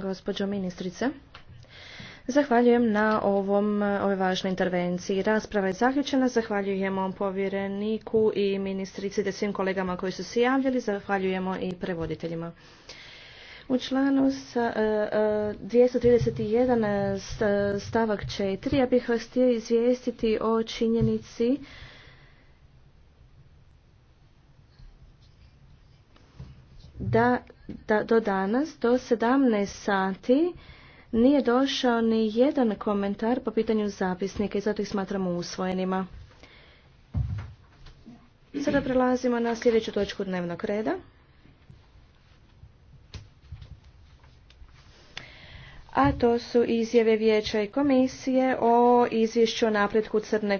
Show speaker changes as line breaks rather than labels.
gospođo ministrice. Zahvaljujem na ovom, ovoj važnoj intervenciji. Rasprava je zaključena. Zahvaljujemo povjereniku i ministrici te svim kolegama koji su se javljali. Zahvaljujemo i prevoditeljima. U članu 231 e, e, e, stavak 4 ja bih vas htio izvijestiti o činjenici da da do danas, do 17 sati, nije došao ni jedan komentar po pitanju zapisnika i zato ih smatramo usvojenima. Sada prelazimo na sljedeću točku dnevnog reda. A to su izjave Vijeća i Komisije o izvješću o
napretku Crne